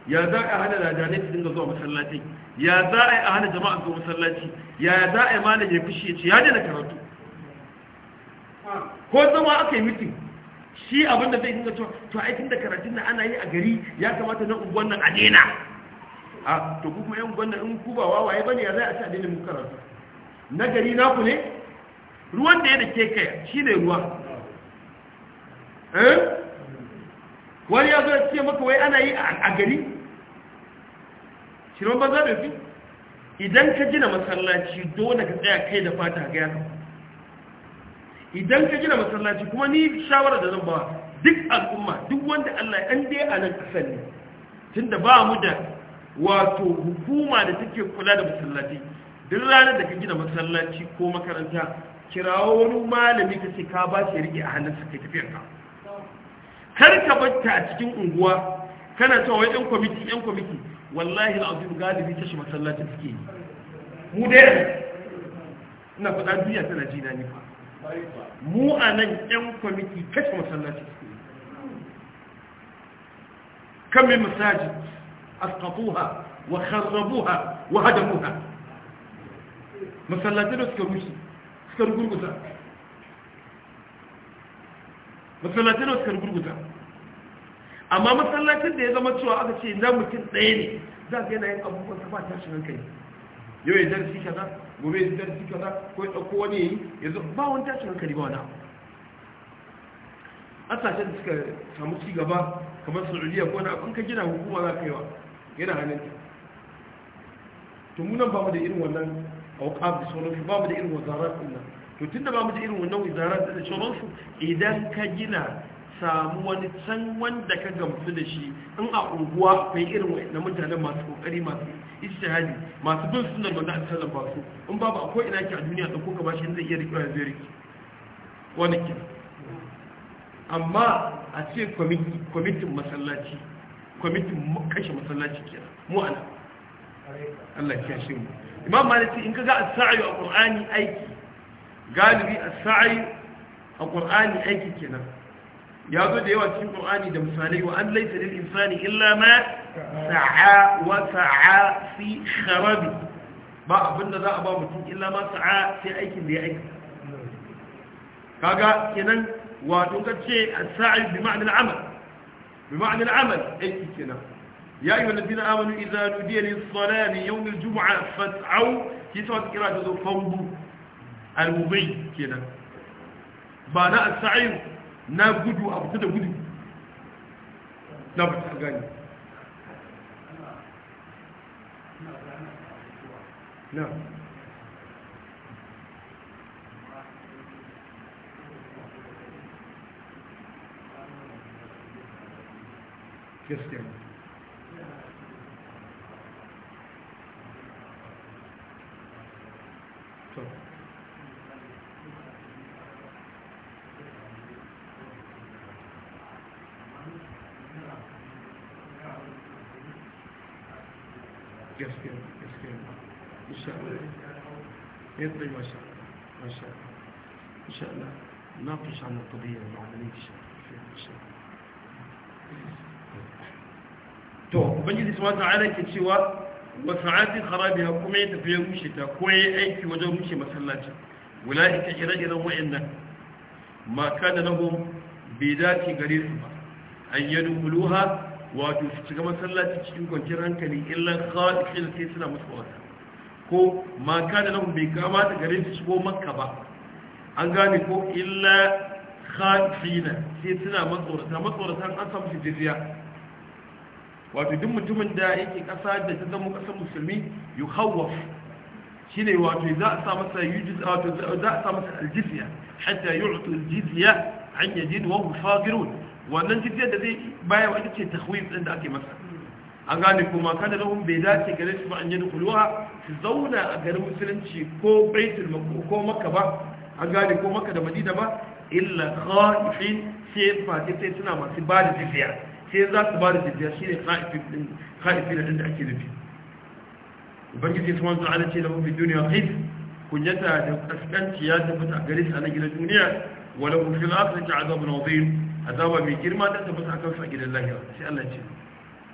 Speaker 1: ya za a hana lajanai su dinga zuwa masallaci ya za a hana jama'a zuwa masallaci ya za a yi malam ya fushi ya ce ya daina karatu ko zama aka yi mitin shi abin da zai dinga cewa to ai da karatun nan ana yi a gari ya kamata na unguwan nan a daina a to ku kuma yan unguwan nan in ku ba wawaye bane ya za a ce a daina mu karatu na gari ku ne ruwan da ya da ke kai shi ne ruwa eh wani ya zo ya ce maka wai ana yi a gari shirin banza da fi idan ka gina masallaci dole ka tsaya kai da fata ga yaka idan ka gina masallaci kuma ni shawara da zan ba duk al'umma duk wanda Allah ya dai a nan kasar ne tunda ba mu da wato hukuma da take kula da masallaci duk ranar da ka gina masallaci ko makaranta kirawo wani malami ka ce ka ba shi rike a hannunsa kai tafiyar ka kar ka ta a cikin unguwa kana cewa wai yan kwamiti yan kwamiti wallahi al'adun galibi ta shi masallaci suke yi mu dai ina faɗa duniya tana jina ni fa mu a nan ƴan kwamiti kashe masallaci suke yi kan mai masajid asqatuha wa kharrabuha wa hadamuha masallaci da suka rushe suka rugurguza masallaci da suka rugurguza amma masallacin da ya zama cewa aka ce na mutum ɗaya ne za ka yana yin abubuwan ta ba shi hankali yau ya darsi kaza gobe ya darsi kaza ko ya ɗauko wani yayi ya zo ba wani tashi hankali ba wani asashen da suka samu ci gaba kamar saudiya ko na abin ka gina hukuma za ka yi wa yana hannun ta tumunan munan ba mu da irin wannan auƙaf da sauransu ba mu da irin wazarar ɗin nan to tun da ba mu da irin wannan wazarar da sauransu idan ka gina samu wani can wanda ka gamsu da shi in a unguwa mai irin na mutane masu kokari masu istihadi masu bin sunan manzo a sallan ba su in ba ba akwai ina ki a duniya da kuka shi zai iya rikiyar zai riki wani kin amma a ce kwamitin masallaci kwamitin kashe masallaci kenan mu ana Allah ya shi mu imam maliki in ka ga sa'ayi a qur'ani aiki galibi as a qur'ani aiki kenan ya zo da yawa cikin qur'ani da misalai wa an laysa lil insani illa ma sa'a wa sa'a fi kharabi ba abin da za a ba mutum illa ma sa'a sai aikin da ya aika kaga kenan wato ce as-sa'i bi ma'na al-amal bi ma'na al-amal aiki kenan ya amanu يا أيها الذين آمنوا إذا نودي للصلاة يوم الجمعة فاسعوا في سورة قراءة kenan ba na معنى السعي na gudu a fita da gudu na fita gani
Speaker 2: na
Speaker 3: gaskiya to
Speaker 1: جدي ما شاء ما شاء ما شاء الله نناقش عن القضية المعنية في الشارع في الشارع تو بجد سواء على كتشوا وساعات خرابي هكما يتفيه مشتا كوي اي في وجو مشي مسلاتي ولاهك إرجل وين ما كان لهم بذات قريرهم أن يدخلوها وتفتق مسلاتي تشتوكم جرانك لإلا خالق حين تيسنا مسلاتي ko ma kana lahum bai kamata gare su shigo makka ba an gane ko illa khafina sai suna matsorata matsoratan an samu shi jizya wato duk mutumin da yake kasa da ta zama kasar musulmi yu hawaf shine wato za a sa masa yujiz wato za a sa masa aljizya hatta yu'tu aljizya an yajid wa hum fagirun wannan jizya da zai bayar wani ce tahwif din da ake masa an gane kuma kada lahum bai dace gare su ba an yi dukuluwa su zauna a garin musulunci ko baitul ko makka ba an gane ko maka da madina ba illa khaifin sai fati sai suna masu ba da tafiya sai za su ba da tafiya shine khaifin khaifin da ake nufi ubangiji subhanahu wa ta'ala ce lahum fi dunya khif kunyata da kaskanci ya tabbata a gare su a na gidan duniya wala fil akhirati azabun azim azaba mai girma ta tabbata akan su a gidan lahira sai Allah ce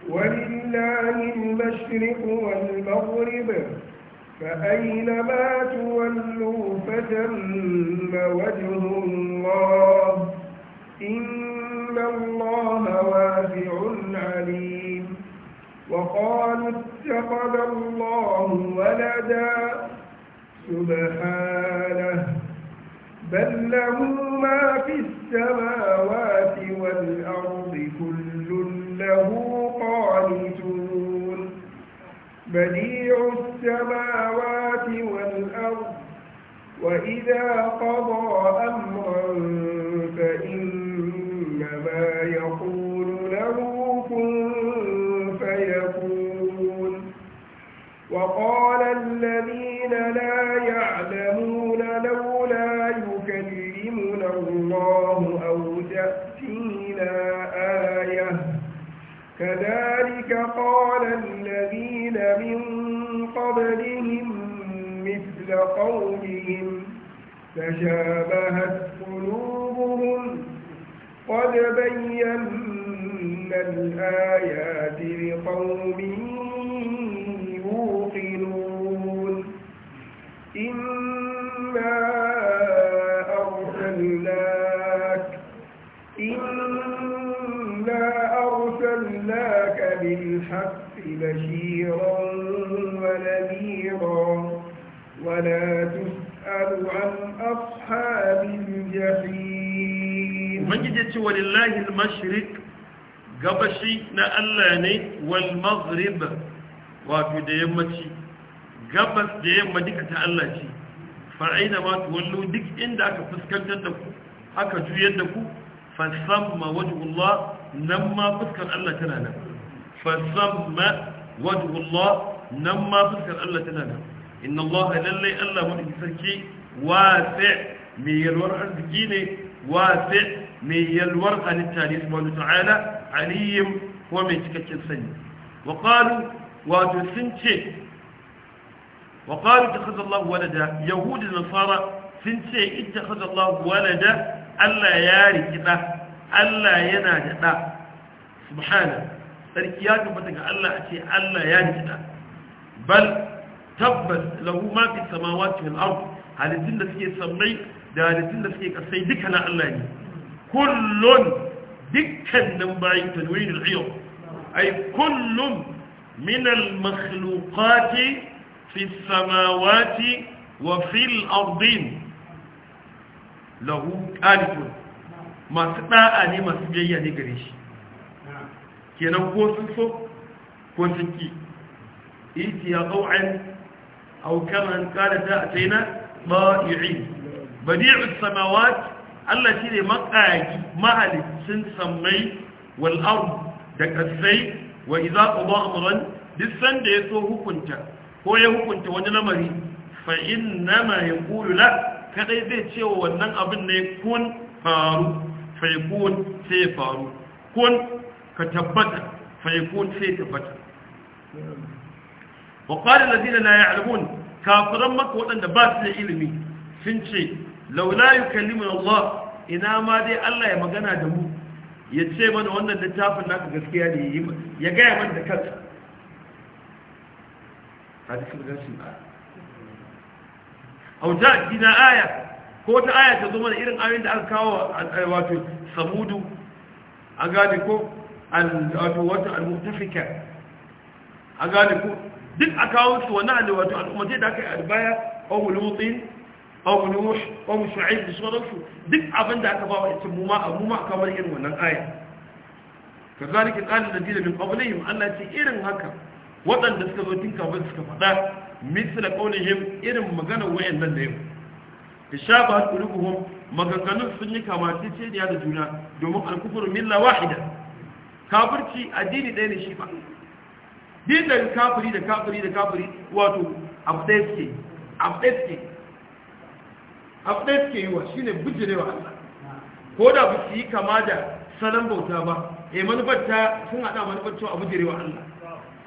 Speaker 2: ولله المشرق والمغرب فأينما تولوا فتم وجه الله إن الله واسع عليم وقالوا اتخذ الله ولدا سبحانه بل له ما في السماوات والأرض كل له قانتون بديع السماوات والأرض وإذا قضى أمرا فإنما يقول له كن فيكون وقال الذين لا يعلمون تشابهت قلوبهم قد بينا الآيات لقوم gabashi na
Speaker 1: Allah ne wal maghrib wato da yammaci gabas da yamma duka ta Allah ce fa'ina ma tuwallu duk inda aka fuskantar da ku aka juyar da ku fasamma wajhullah nan ma fuskar Allah tana nan fasamma wajhullah nan ma fuskar Allah tana nan inna Allah lallai Allah madaki sarki wasi' mai yalwar arziki ne wasi' mai yalwar halitta ne subhanahu ta'ala aliyim ko mai cikakken sani wa wato sun ce wa qalu takhadha Allah walada yahudi nasara sun ce ittakhadha Allah walada Allah ya riki da Allah yana da da subhana tsarki ya tabbata ga Allah a ce Allah ya riki da bal tabbas lahu ma fi samawati wal ard halittun da suke sammai da halittun da suke kasai duka na Allah ne kullun دكاً نمبعين تنوين العيوم أي كل من المخلوقات في السماوات وفي الأرضين له آل ما ستاء لي ما سبيعي نقريش كي نقول سنسو كون سكي إيتي يا طوعا أو كما قال تأتينا ضائعين بديع السماوات Allah shi ne maƙayi mahalicin sammai wal da ƙasai wa iza qada amran duk sanda ya so hukunta ko ya hukunta wani lamari fa innama yaqulu la kadai zai ce wa wannan abin ne kun faru fa yakun sai faru kun ka tabbata fa yakun sai tabbata wa qala alladhina la ya'lamun kafiran maka waɗanda ba su da ilimi sun ce laula yukallimuna Allah ina ma dai Allah ya magana da mu ya ce mana wannan littafin naka gaskiya ne ya gaya mana da kansa hadisul gashin aya au aya ko ta aya ta zo mana irin ayoyin da aka kawo wato samudu A gane ko wato wato al-mu'tafika A gane ko duk a kawo su wannan wato al-ummati da aka yi albaya ko mulmutin abu nuh abu shu'aib da sauransu duk abin da aka bawa yace mu ma mu ma aka bar irin wannan aya kazalika qala alladheena min qablihim Allah ce irin haka waɗanda suka zo tun ba suka faɗa misla qawlihim irin magana wayannan da yau tashabahat qulubuhum maganganun sun yi kamata ce da juna domin al-kufru milla wahida kafirci addini ɗaya ne shi ba din da kafiri da kafiri da kafiri wato abu ɗaya abu ɗaya suke yi wa shi ne Allah ko da ba su yi kama da salon bauta ba ya manufar sun haɗa manufarta a abu Allah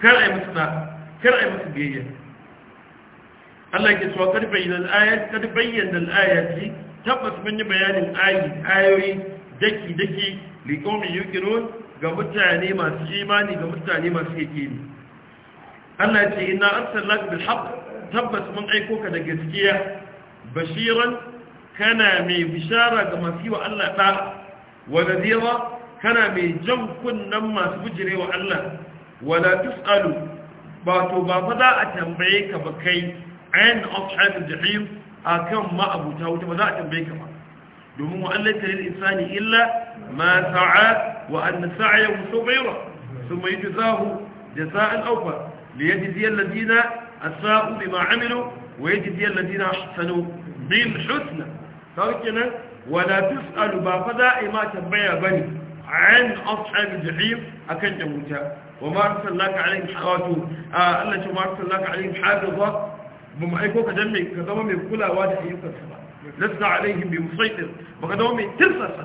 Speaker 1: kar a yi musu na kar a yi musu biyayya Allah ke cewa kar bayyana al'ayat kar bayyana al'ayat tabbas mun yi bayanin ayi ayoyi daki daki li qaumin yuqinun ga mutane masu imani ga mutane masu kekeni. Allah ya ce inna arsalnaka bil haqq tabbas mun aiko ka da gaskiya bashiran kana mai bishara ga masu wa Allah da wa nadira kana mai jan kunnan masu bujire wa Allah wala tusalu ba to ba fa za a tambaye ka ba kai ayin ashabul jahim akan ma abuta wuta ba za a tambaye ka ba domin wa Allah ta lil insani illa ma sa'a wa an sa'yahu sughira thumma yujzahu jaza'an awfa liyajzi alladhina asa'u bima amilu ويجزي الذين احسنوا bil husna sarkinan wala tusalu ba fa za a yi ma tambaya bane an ashabi jahim akan da wuta wa ma arsalnaka alaihim hawatu Allah ce ma arsalnaka alaihim hafiza ba mu aiko ka dan mai ka zama mai kulawa da ayyukansa ba lasta alaihim bi musaitir ba ka zama mai tirsasa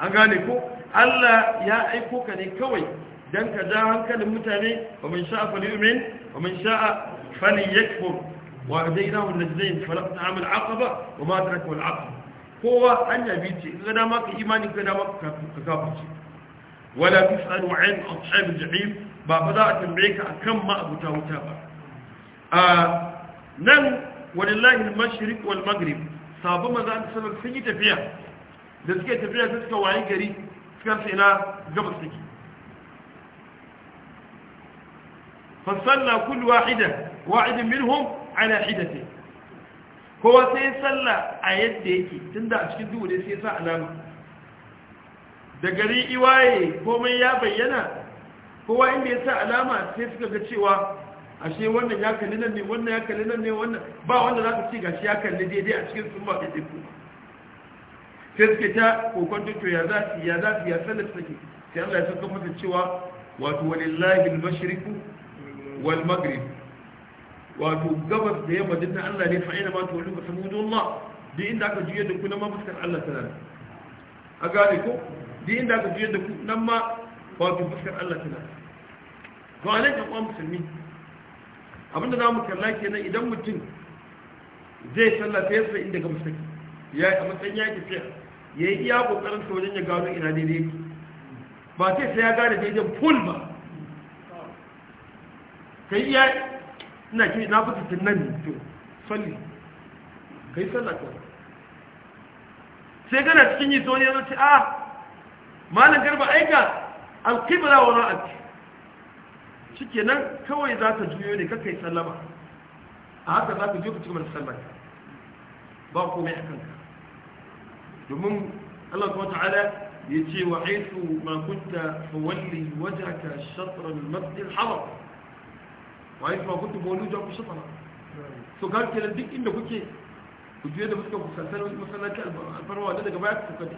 Speaker 1: an gane ko Allah ya aiko ka ne kawai dan ka ja hankalin mutane wa man sha'a falyumin wa man sha'a falyakfur وهديناه النجدين فلم نعم العقبة وما أدركه العقبة هو أن يبيتي إذا ما إيماني كذا ما كافرتي ولا تسأل عن أصحاب الجحيم بابدا تنبيك كم ما أبو تاوتابا آه نن ولله المشرق والمغرب sabu maza da sanar sun yi tafiya da suke tafiya da suka waye gari suka sai na gabas suke fasalla kullu wahida wahidin minhum ana hidate kowa sai ya salla a yadda yake tunda a cikin duhu sai ya sa alama da gari iwaye komai ya bayyana kowa inda ya sa alama sai suka ga cewa ashe wannan ya kalli nan ne wannan ya kalli nan ne wannan ba wanda za ka ci gashi ya kalli daidai a cikin sun ba daidai ku sai suke ta kokon to ya za su ya za su ya sallar suke sai Allah ya saka mata cewa wato walillahi al-mashriqu wal maghrib wato gabas da yamma duk na Allah ne fa ina ma samu lu Allah Di inda aka juye da ku nan ma fuskar Allah ta nan a gane ko di inda aka juye da ku nan ma wato fuskar Allah ta nan to alai da kwan musulmi abinda za mu kalla kenan idan mutum zai sallata yasa inda ga musulmi ya yi a matsayin ya yi tafiya ya yi iya kokarin sa wajen ya gano ina ne ba sai sai ya gane daidai full ba kai iya ina ki na fi titin nan to salli kai sallah ka sai kana cikin yi to ne ya ce a ah, malam garba aika alqibla wa ra'at nan kawai za ta juyo ne kakai sallama a haka za ka je ku cikin sallah ba ku komai akan ka domin Allah subhanahu ta'ala ce wa aisu ma kunta fawalli wajhaka shatr al-masjid al-haram wa yi kuma kuntum mawlu jaku shatana so ga kenan duk inda kuke ku je da fuskar ku santar masallaci alfarwa da daga baya ku kadi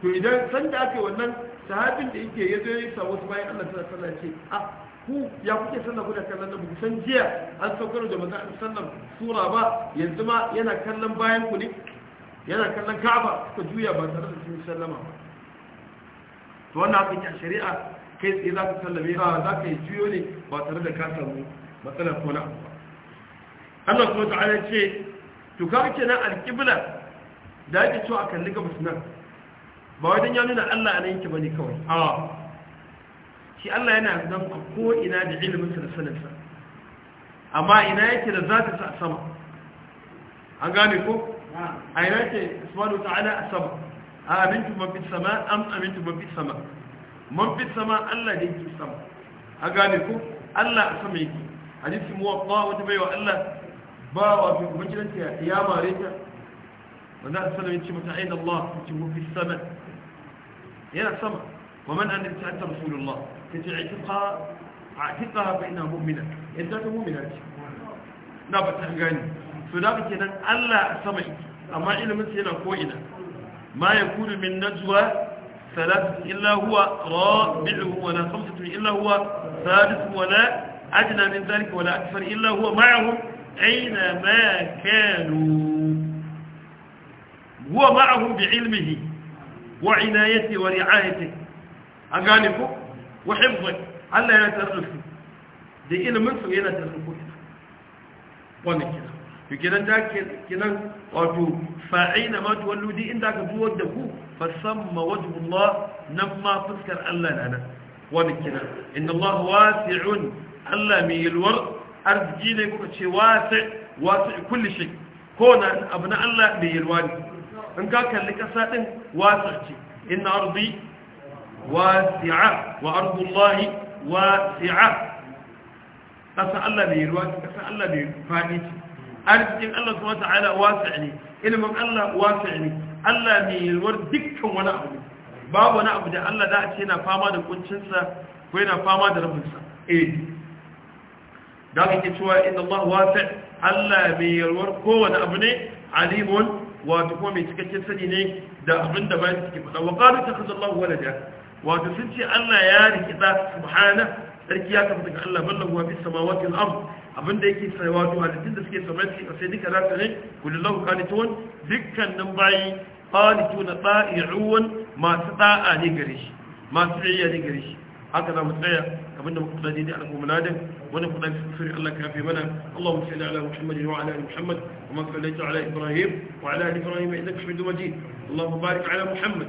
Speaker 1: to idan san da ake wannan sahabin da yake ya ya samu wasu bayan Allah sallallahu alaihi wasallam ah ku ya kuke sallah da kallon da ku san jiya an saukar da manzo Allah sallallahu sura ba yanzu ma yana kallon bayan ku ne yana kallon Ka'aba kuka juya ba tare da sun sallama ba to wannan haka shari'a kai tsaye za ka sallame a za ka yi juyo ne ba tare da ka samu matsalar ko na abu ba
Speaker 2: Allah kuma ta'ala
Speaker 1: ce to ka ke na alƙibla da ake cewa a kalli gabas nan ba wajen ya nuna Allah a nan ba bane kawai a shi Allah yana zan a ko ina da ilimin sa da saninsa amma ina yake da zata sa a sama an gane ko a ina yake subhanahu ta'ala a sama a amintu mafi sama am amintu mafi sama man fi sama Allah ne ke sama a gane ku Allah a sama yake hadisi muwaffa wata baiwa Allah ba wa fi ubangijinta ya mare ta wanda a sanar yace mata ayin Allah ce fi sama yana sama wa man an ta ta rasulullah ta ce aitiqa atiqa fa ina mu'mina yadda ta ta mu'mina ce na ba ta gani so da kake nan Allah a sama yake amma ilimin sa yana ko ina ma yakunu min najwa ثلاثة إلا هو رابعه ولا خمسة إلا هو ثالث ولا أدنى من ذلك ولا أكثر إلا هو معهم أينما كانوا هو معهم بعلمه وعنايته ورعايته أقالكم وحفظه ألا يترفه دي إلى منسو إلى ترفه wannan kenan to kenan da kenan wato fa'ina ma tuwallu di inda ka duwar da ku fasamma wajhullah nan ma fuskar Allah na nan wani kina inna Allah wasi'un Allah mai yalwar arziki ne kuka ce wasi wasi kulli shay ko na abu na Allah mai yalwa ne in ka kalli kasa din wasi ce inna ardi wasi'a wa ardu Allah wasi'a kasa Allah mai yalwa kasa Allah mai arzikin Allah wa ilimin Allah wasi' Allah mai yalwar dukkan wani abu babu wani abu da Allah za ce yana fama da kuncinsa ko yana fama da rabinsa eh da aka ke cewa inda Allah wasa Allah mai yalwar kowane abu ne alimun wato kuma mai cikakken sani ne da abin da bayan suke faɗa wa ƙalu ta kaza Allah walada wato sun ce Allah ya rikida subhana sarki ya kafa daga Allah ballahu wa bisa samawati al-ard abinda yake tsayawa to halittun da suke sabati a sai duka zaka ne kulillahu qanitun dukkanin bayi qanituna ta'i'un masu da'a ne gare shi masu biyayya ne gare shi haka za mu tsaya abinda muka tsaya daidai al'ummar ladin wani kuɗa suri Allah ka fi mana allahu salli ala Muhammad wa ala Muhammad wa man sallaita ala Ibrahim wa ala Ibrahim idan Hamidum Majid allahu barik ala Muhammad